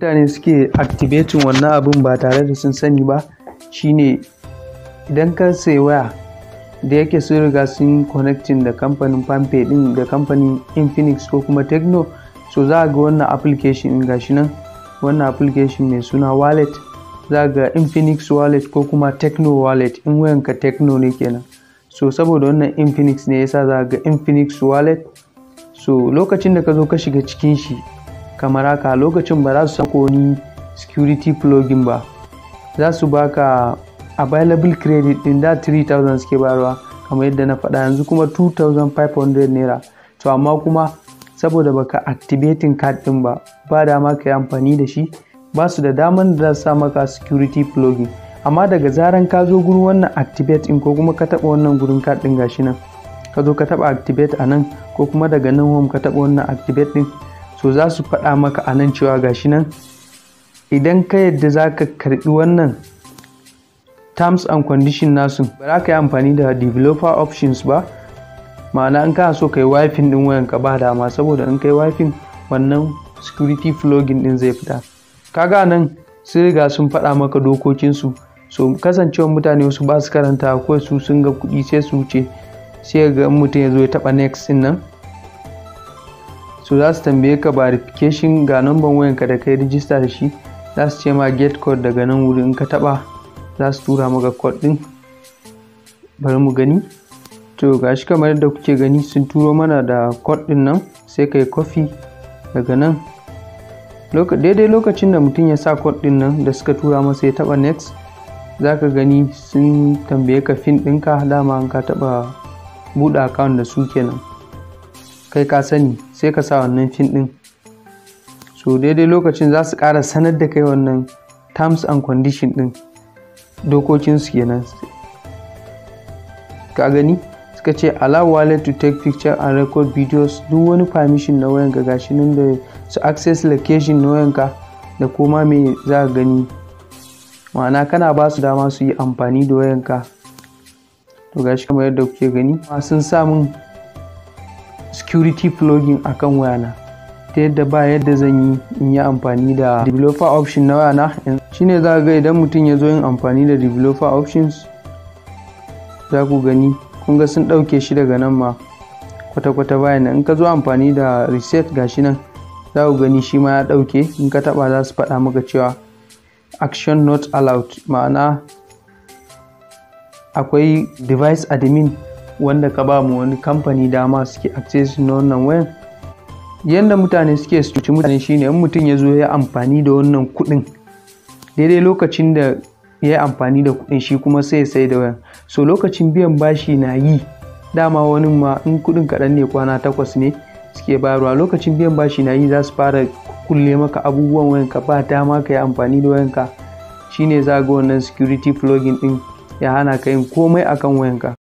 mutane suke activating wannan abin ba tare da sun sani ba shine idan ka sai waya da yake sun riga sun connecting da kamfanin fanpay din da kamfanin infinix ko kuma techno so za ga wannan application ga shi nan wannan application mai suna wallet za ga infinix wallet ko kuma techno wallet in wayanka techno ne kenan so saboda wannan infinix ne yasa za ga infinix wallet so lokacin da ka zo ka shiga cikin shi kamar haka lokacin ba za su sako ni security plugin ba za su baka available credit din da 3000 suke bayarwa kamar yadda na faɗa yanzu kuma 2500 naira to amma kuma saboda baka activating card din ba ba dama ka yi amfani da shi ba su da daman da za su sa maka security plugin amma daga zaran ka zo gurin wannan activate in ko kuma ka taɓa wannan gurin card din gashi nan ka zo ka taɓa activate a nan ko kuma daga nan home ka taɓa wannan activate din so za su faɗa maka a nan cewa gashi nan idan ka yadda za ka karɓi wannan terms and condition nasu ba za ka yi amfani da developer options ba ma'ana in kana so ka yi wifin ɗin ka ba dama saboda in ka yi wannan security flogin ɗin zai fita kaga nan sun riga sun faɗa maka dokokinsu so kasancewar mutane wasu ba su karanta ko su sun ga kuɗi sai su wuce sai ga mutum ya zo ya taɓa next ɗin nan su za su tambaye ka verification ga namban wayanka da kai rijista da shi za su ce ma get code daga nan wuri in ka taba za su tura maka code din bari mu gani to gashi kamar yadda kuke gani sun turo mana da code din nan sai kai kofi daga nan daidai lokacin da mutum ya sa code din nan da suka tura masa ya taba next za ka gani sun tambaye ka fin ka dama an ka taɓa buɗe account da su kenan kai ka sani sai ka sa wannan fim ɗin so daidai lokacin za su ƙara sanar da kai wannan terms and condition ɗin dokokinsu kenan ka gani suka ce allow wallet to take picture and record videos duk wani permission na wayanka gashi nan da su access location na wayanka da kuma me za ka gani ma'ana kana ba su dama su yi amfani da wayanka to gashi kamar yadda kuke gani sun sa min security plugin akan wayana ta yadda ba yadda zan yi in yi amfani da developer option na wayana shine za ga idan mutum ya zo yin amfani da developer options za ku gani kun sun ɗauke shi daga nan ma kwata-kwata bayan in ka zo amfani da reset shi nan za ku gani shi ma ya ɗauke in ka taɓa za su faɗa maka cewa action not allowed ma'ana akwai device admin wanda ka ba mu wani kamfani dama suke access na wannan wayan yadda mutane suke su cuci mutane shine in mutum ya zo ya amfani da wannan kuɗin daidai lokacin da ya yi amfani da kuɗin shi kuma sai sai da wayan so lokacin biyan bashi na yi dama wani ma in kuɗin kaɗan ne kwana takwas ne suke bayarwa lokacin biyan bashi na yi za su fara kulle maka abubuwan wayanka ba dama ka yi amfani da wayanka shine za ga wannan security plugin din ya hana ka yin komai akan wayanka